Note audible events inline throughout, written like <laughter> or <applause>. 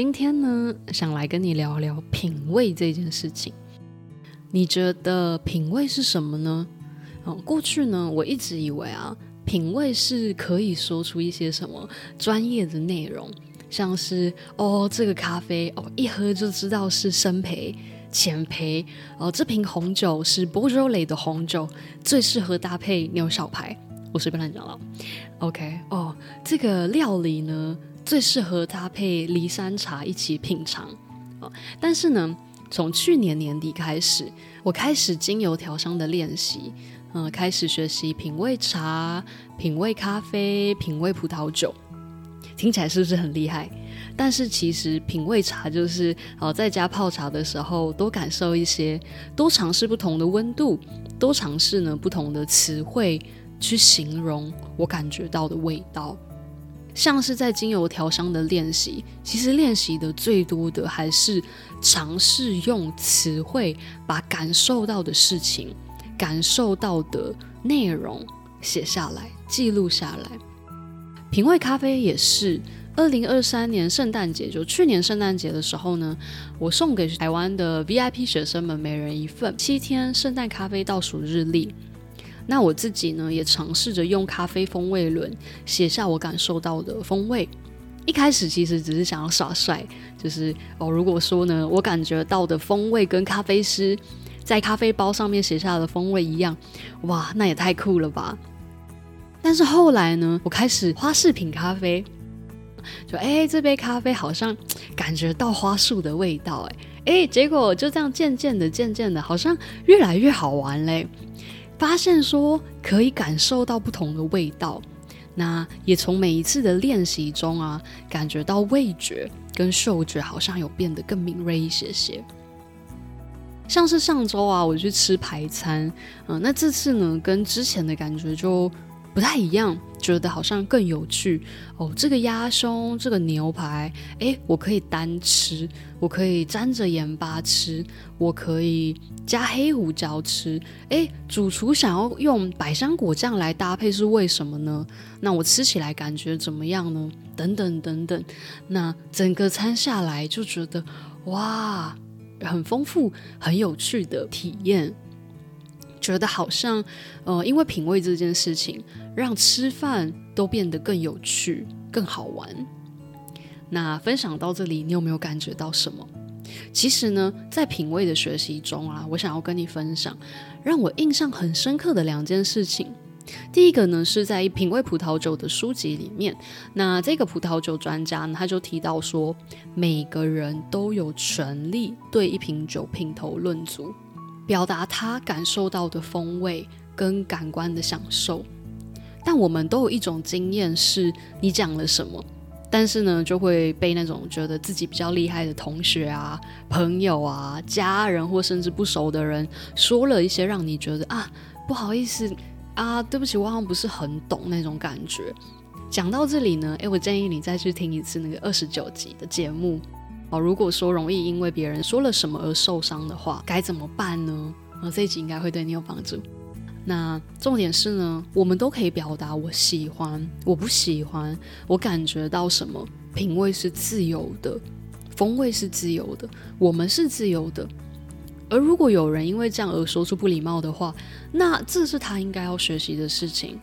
今天呢，想來跟你聊聊品味這件事情。你覺得品味是什麼呢？嗯，過去呢，我一直以為啊，品味是可以說出一些什麼專業的內容，像是哦，這個咖啡哦，一喝就知道是深焙、淺焙哦，這瓶紅酒是薄酒萊的紅酒，最適合搭配牛小排。我隨便亂講了，OK？哦，這個料理呢，最適合搭配梨山茶一起品嘗。但是呢，從去年年底開始，我開始精油調香的練習，嗯、呃，開始學習品味茶、品味咖啡、品味葡萄酒，聽起來是不是很厲害？但是其實品味茶就是哦、呃，在家泡茶的時候，多感受一些，多嘗試不同的溫度，多嘗試呢不同的詞彙去形容我感覺到的味道。像是在精油調香的練習，其實練習的最多的還是嘗試用詞彙把感受到的事情、感受到的內容寫下來、記錄下來。品味咖啡也是，二零二三年聖誕節，就去年聖誕節的時候呢，我送給台灣的 VIP 學生們每人一份七天聖誕咖啡倒數日曆。那我自己呢，也嘗試着用咖啡風味輪寫下我感受到的風味。一開始其實只是想要耍帥，就是哦，如果說呢，我感覺到的風味跟咖啡師在咖啡包上面寫下的風味一樣，哇，那也太酷了吧！但是後來呢，我開始花式品咖啡，就哎、欸，這杯咖啡好像感覺到花束的味道、欸，誒，哎，結果就這樣漸漸的、漸漸的，好像越來越好玩嘞。發現說可以感受到不同的味道，那也從每一次的練習中啊，感覺到味覺跟嗅覺好像有變得更敏銳一些些。像是上週啊，我去吃排餐，嗯，那這次呢，跟之前的感覺就。不太一樣，覺得好像更有趣哦。這個鴨胸，這個牛排，誒、欸，我可以單吃，我可以沾着鹽巴吃，我可以加黑胡椒吃。誒、欸，主廚想要用百香果醬來搭配是為什麼呢？那我吃起來感覺怎麼樣呢？等等等等，那整個餐下來就覺得哇，很豐富，很有趣的體驗。覺得好像，呃，因為品味這件事情，讓吃飯都變得更有趣，更好玩。那分享到這裡，你有沒有感覺到什麼？其實呢，在品味的學習中啊，我想要跟你分享，讓我印象很深刻的兩件事情。第一個呢，是在一品味葡萄酒的書籍裡面，那這個葡萄酒專家呢，他就提到說，每個人都有權利對一瓶酒品頭論足，表達他感受到的風味跟感官的享受，但我們都有一種經驗，是你講了什麼，但是呢，就會被那種覺得自己比較厲害的同學啊、朋友啊、家人或甚至不熟的人說了一些，讓你覺得啊，不好意思啊，對不起，我好像不是很懂那種感覺。講到這裡呢，誒、欸，我建議你再去聽一次那個二十九集的節目。好，如果說容易因為別人說了什麼而受傷的話，該怎麼辦呢？啊，這一集應該會對你有幫助。那重點是呢，我們都可以表達我喜歡，我不喜歡，我感覺到什麼。品味是自由的，風味是自由的，我們是自由的。而如果有人因為這樣而說出不禮貌的話，那這是他應該要學習的事情。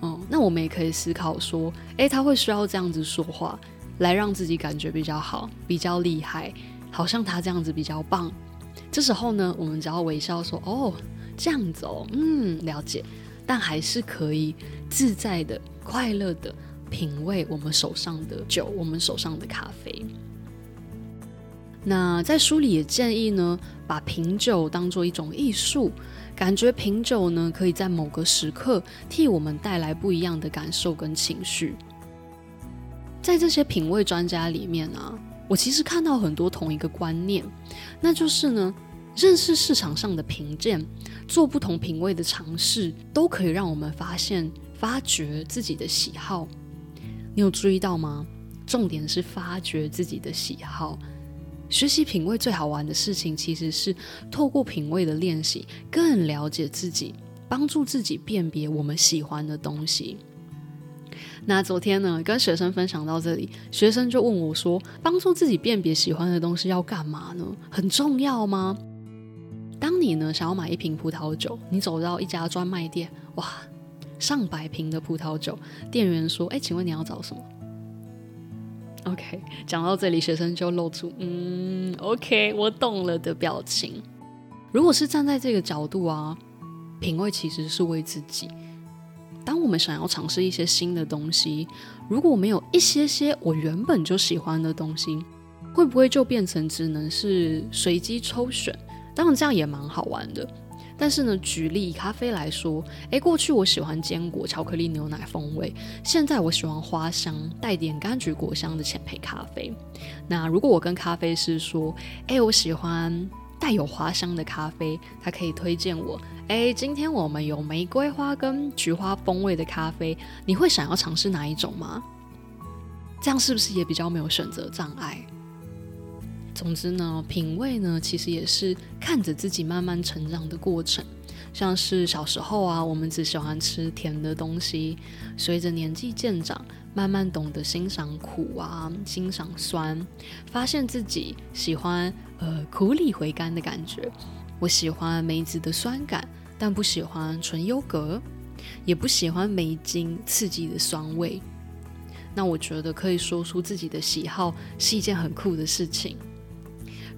嗯，那我們也可以思考說，誒，他會需要這樣子說話，來讓自己感覺比較好，比較厲害，好像他這樣子比較棒。這時候呢，我們只要微笑說：“哦，這樣子哦，嗯，了解。”但還是可以自在的、快樂的品味我們手上的酒，我們手上的咖啡。那在書裡也建議呢，把品酒當做一種藝術，感覺品酒呢，可以在某個時刻替我們帶來不一樣的感受跟情緒。在這些品味專家裡面啊，我其實看到很多同一個觀念，那就是呢，認識市場上的評鑑，做不同品味的嘗試，都可以讓我們發現、發掘自己的喜好。你有注意到嗎？重點是發掘自己的喜好。學習品味最好玩的事情，其實是透過品味的練習，更了解自己，幫助自己辨別我們喜歡的東西。那昨天呢，跟學生分享到這裡，學生就問我說：“幫助自己辨別喜歡的東西要幹嘛呢？很重要嗎？”當你呢想要買一瓶葡萄酒，你走到一家專賣店，哇，上百瓶的葡萄酒，店員說：“哎、欸，請問你要找什麼？”OK，講到這裡，學生就露出“嗯，OK，我懂了”的表情。如果是站在這個角度啊，品味其實是為自己。當我們想要嘗試一些新的東西，如果沒有一些些我原本就喜歡的東西，會不會就變成只能是隨機抽選？當然這樣也蠻好玩的，但是呢，舉例咖啡來說，誒，過去我喜歡堅果、巧克力、牛奶風味，現在我喜歡花香、帶點柑橘果香的淺焙咖啡。那如果我跟咖啡師說，誒，我喜歡。帶有花香的咖啡，他可以推薦我。哎，今天我們有玫瑰花跟菊花風味的咖啡，你會想要嘗試哪一種嗎？這樣是不是也比較沒有選擇障礙？總之呢，品味呢，其實也是看着自己慢慢成長的過程。像是小時候啊，我們只喜歡吃甜的東西，隨着年紀漸長。慢慢懂得欣賞苦啊，欣賞酸，發現自己喜歡呃苦裡回甘的感覺。我喜歡梅子的酸感，但不喜歡純優格，也不喜歡梅精刺激的酸味。那我覺得可以說出自己的喜好是一件很酷的事情。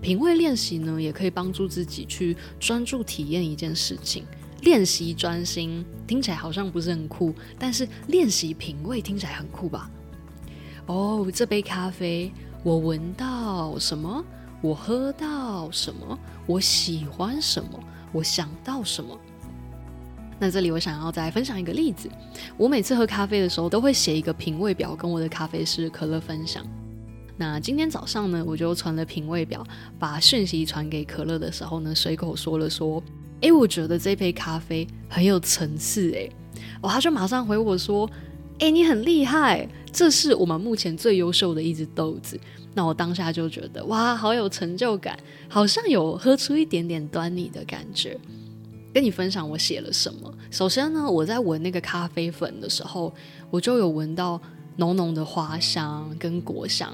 品味練習呢，也可以幫助自己去專注體驗一件事情。練習專心聽起來好像不是很酷，但是練習品味聽起來很酷吧？哦，這杯咖啡我聞到什麼？我喝到什麼？我喜歡什麼？我想到什麼？那這裡我想要再分享一個例子。我每次喝咖啡的時候都會寫一個品味表，跟我的咖啡師可樂分享。那今天早上呢，我就傳了品味表，把訊息傳給可樂的時候呢，隨口說了說。誒、欸，我覺得這杯咖啡很有層次誒，哇、哦！他就馬上回我說：“誒、欸，你很厲害，這是我們目前最優秀的一隻豆子。”那我當下就覺得哇，好有成就感，好像有喝出一點點端倪的感覺。跟你分享我寫了什麼。首先呢，我在聞那個咖啡粉的時候，我就有聞到濃濃的花香跟果香，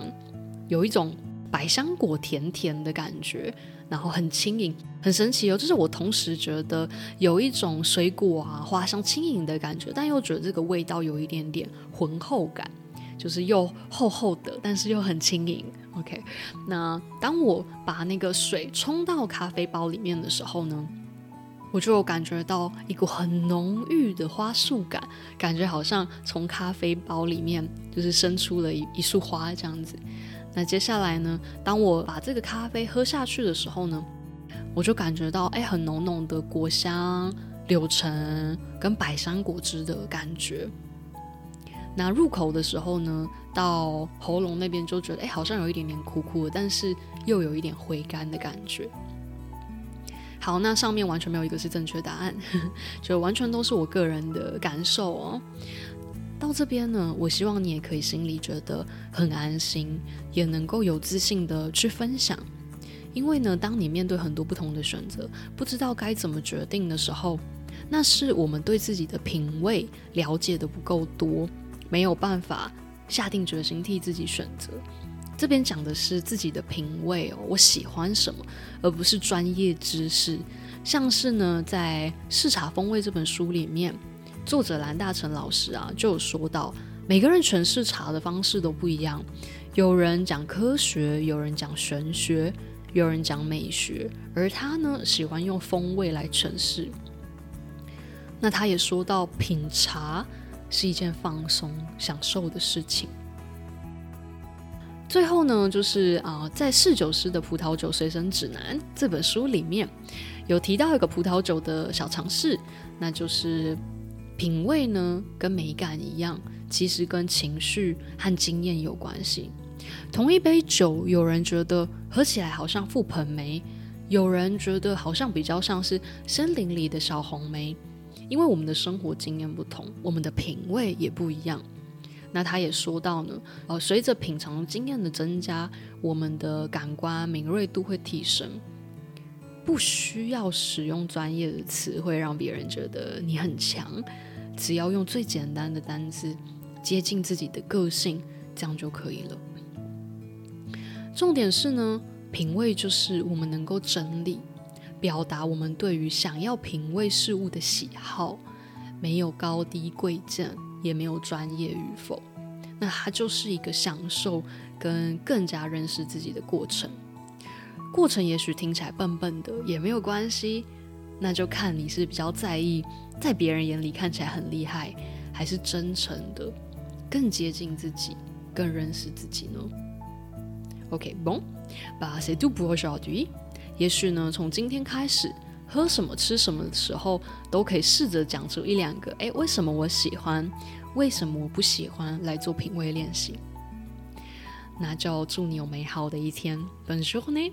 有一種百香果甜甜的感覺。然後很輕盈，很神奇哦！就是我同時覺得有一種水果啊、花香輕盈的感覺，但又覺得這個味道有一點點渾厚感，就是又厚厚的，但是又很輕盈。OK，那當我把那個水沖到咖啡包裡面的時候呢，我就感覺到一股很濃郁的花束感，感覺好像從咖啡包裡面就是生出了一束花這樣子。那接下來呢，當我把這個咖啡喝下去的時候呢，我就感覺到誒、欸，很濃濃的果香、柳橙跟百香果汁的感覺。那入口的時候呢，到喉嚨那邊就覺得誒、欸，好像有一點點苦苦的，但是又有一點回甘的感覺。好，那上面完全沒有一個是正確答案， <laughs> 就完全都是我個人的感受哦。到這邊呢，我希望你也可以心裡覺得很安心，也能夠有自信的去分享。因為呢，當你面對很多不同的選擇，不知道該怎麼決定的時候，那是我們對自己的品味了解的不夠多，沒有辦法下定決心替自己選擇。這邊講的是自己的品味哦，我喜歡什麼，而不是專業知識。像是呢，在《識茶風味》這本書裡面。作者藍大成老師啊，就有說到，每個人詮釋茶的方式都不一樣，有人講科學，有人講玄學，有人講美學，而他呢，喜歡用風味來詮釋。那他也說到，品茶是一件放鬆享受的事情。最後呢，就是啊、呃，在侍酒師的葡萄酒隨身指南這本書裡面有提到一個葡萄酒的小常識，那就是。品味呢，跟美感一樣，其實跟情緒和經驗有關係。同一杯酒，有人覺得喝起來好像覆盆莓，有人覺得好像比較像是森林裡的小紅莓，因為我們的生活經驗不同，我們的品味也不一樣。那他也說到呢，呃，隨着品嘗經驗的增加，我們的感官敏銳度會提升。不需要使用專業的詞彙讓別人覺得你很強，只要用最簡單的單詞接近自己的個性，這樣就可以了。重點是呢，品味就是我們能夠整理、表達我們對於想要品味事物的喜好，沒有高低貴賤，也沒有專業與否，那它就是一個享受跟更加認識自己的過程。過程也許聽起來笨笨的也沒有關係，那就看你是比較在意在別人眼裡看起來很厲害，還是真誠的，更接近自己，更認識自己呢？OK，bon, bah c'est tout pour aujourd'hui。也許呢，從今天開始，喝什麼吃什麼的時候都可以試着講出一兩個，哎，為什麼我喜歡，為什麼我不喜歡，來做品味練習。那就祝你有美好的一天。Bonne journée。